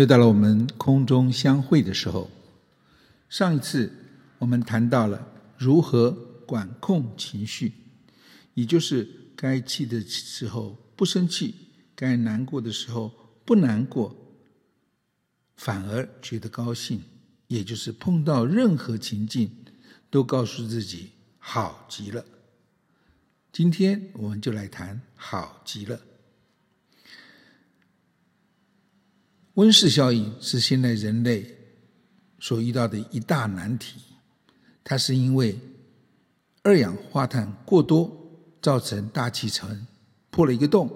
又到了我們空中相會的時候。上一次我們談到了如何管控情緒，也就是該氣的時候不生氣，該難過的時候不難過，反而覺得高興，也就是碰到任何情境都告訴自己“好極了”。今天我們就來談“好極了”。溫室效應是現在人類所遇到的一大難題，它是因為二氧化碳過多造成大氣層破了一個洞，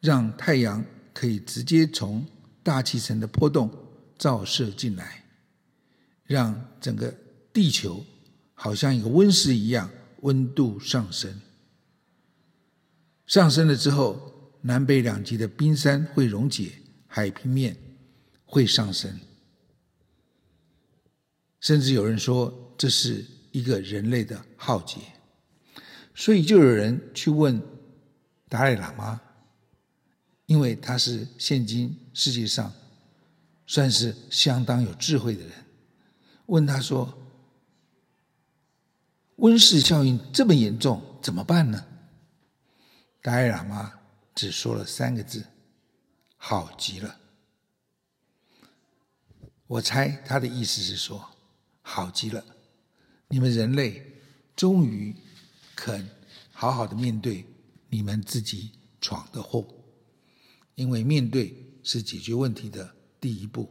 讓太陽可以直接從大氣層的破洞照射進來，讓整個地球好像一個溫室一樣，溫度上升。上升了之後，南北兩極的冰山會溶解。海平面會上升，甚至有人說這是一個人類的浩劫，所以就有人去問達賴喇嘛，因為他是現今世界上算是相當有智慧的人，問他說：“溫室效應這麼嚴重，怎麼辦呢？”達賴喇嘛只說了三個字。好極了！我猜他的意思是說，好極了，你們人類終於肯好好的面對你們自己闖的禍，因為面對是解決問題的第一步。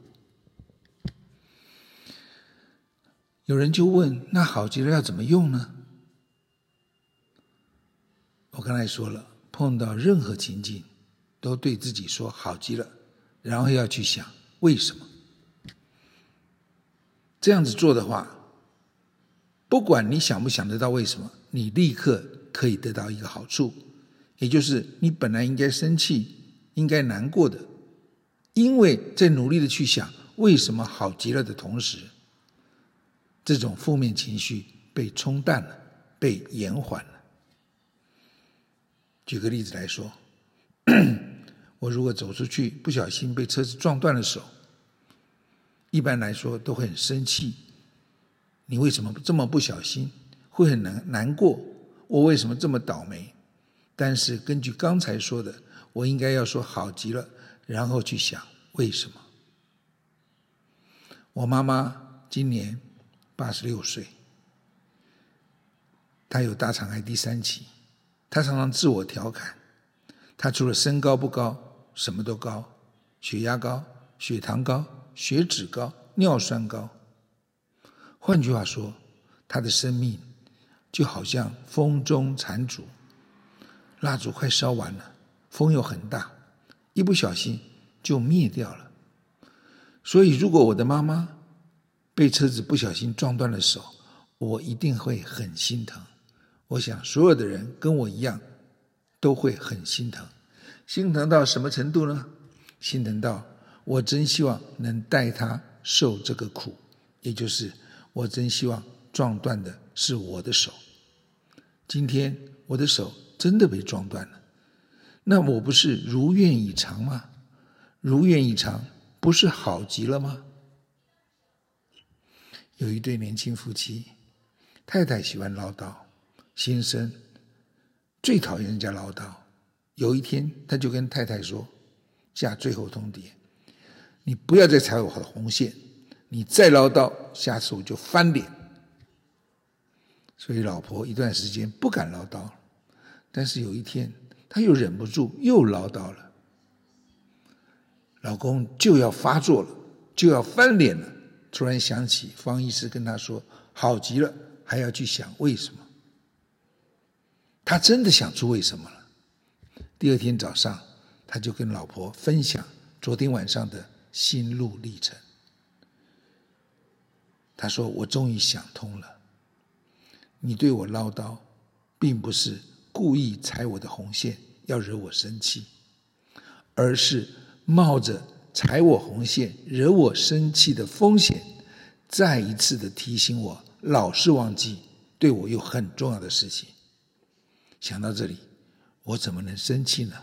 有人就問：那好極了要怎麼用呢？我剛才說了，碰到任何情境。都對自己說好極了，然後要去想為什麼。這樣子做的話，不管你想不想得到為什麼，你立刻可以得到一個好處，也就是你本來應該生氣、應該難過的，因為在努力的去想為什麼好極了的同時，這種負面情緒被沖淡了，被延緩了。舉個例子來說。我如果走出去不小心被車子撞斷了手，一般來說都會很生氣。你為什麼這麼不小心？會很難難過。我為什麼這麼倒霉？但是根據剛才說的，我應該要說好極了，然後去想為什麼。我媽媽今年八十六歲，她有大腸癌第三期。她常常自我調侃，她除了身高不高，什麼都高，血壓高、血糖高、血脂高、尿酸高。換句話說，他的生命就好像風中殘燭，蠟燭快燒完了，風又很大，一不小心就滅掉了。所以，如果我的媽媽被車子不小心撞斷了手，我一定會很心疼。我想，所有的人跟我一樣都會很心疼。心疼到什麼程度呢？心疼到我真希望能代他受這個苦，也就是我真希望撞斷的是我的手。今天我的手真的被撞斷了，那我不是如願以償嗎？如願以償不是好極了嗎？有一對年輕夫妻，太太喜歡嘮叨，先生最討厭人家嘮叨。有一天，他就跟太太說：“下最後通牒，你不要再踩我的紅線，你再嘮叨，下次我就翻臉。”所以老婆一段時間不敢嘮叨，但是有一天，他又忍不住又嘮叨了，老公就要發作了，就要翻臉了。突然想起方醫師跟他說：“好極了，還要去想為什麼？”他真的想出為什麼了。第二天早上，他就跟老婆分享昨天晚上的心路歷程。他說：“我終於想通了，你對我嘮叨，並不是故意踩我的紅線要惹我生氣，而是冒着踩我紅線、惹我生氣的風險，再一次的提醒我，老是忘記對我有很重要的事情。”想到這裡。我怎麼能生氣呢？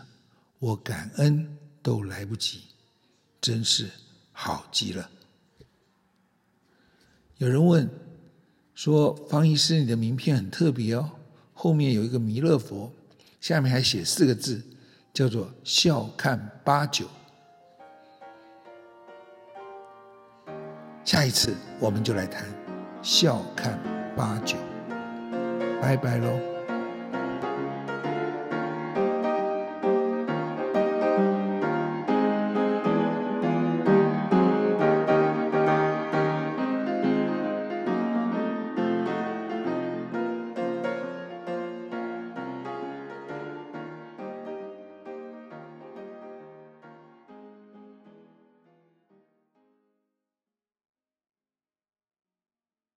我感恩都來不及，真是好極了。有人問說：“方醫師，你的名片很特別哦，後面有一個彌勒佛，下面還寫四個字，叫做‘笑看八九’。”下一次我們就來談‘笑看八九’，拜拜嘍。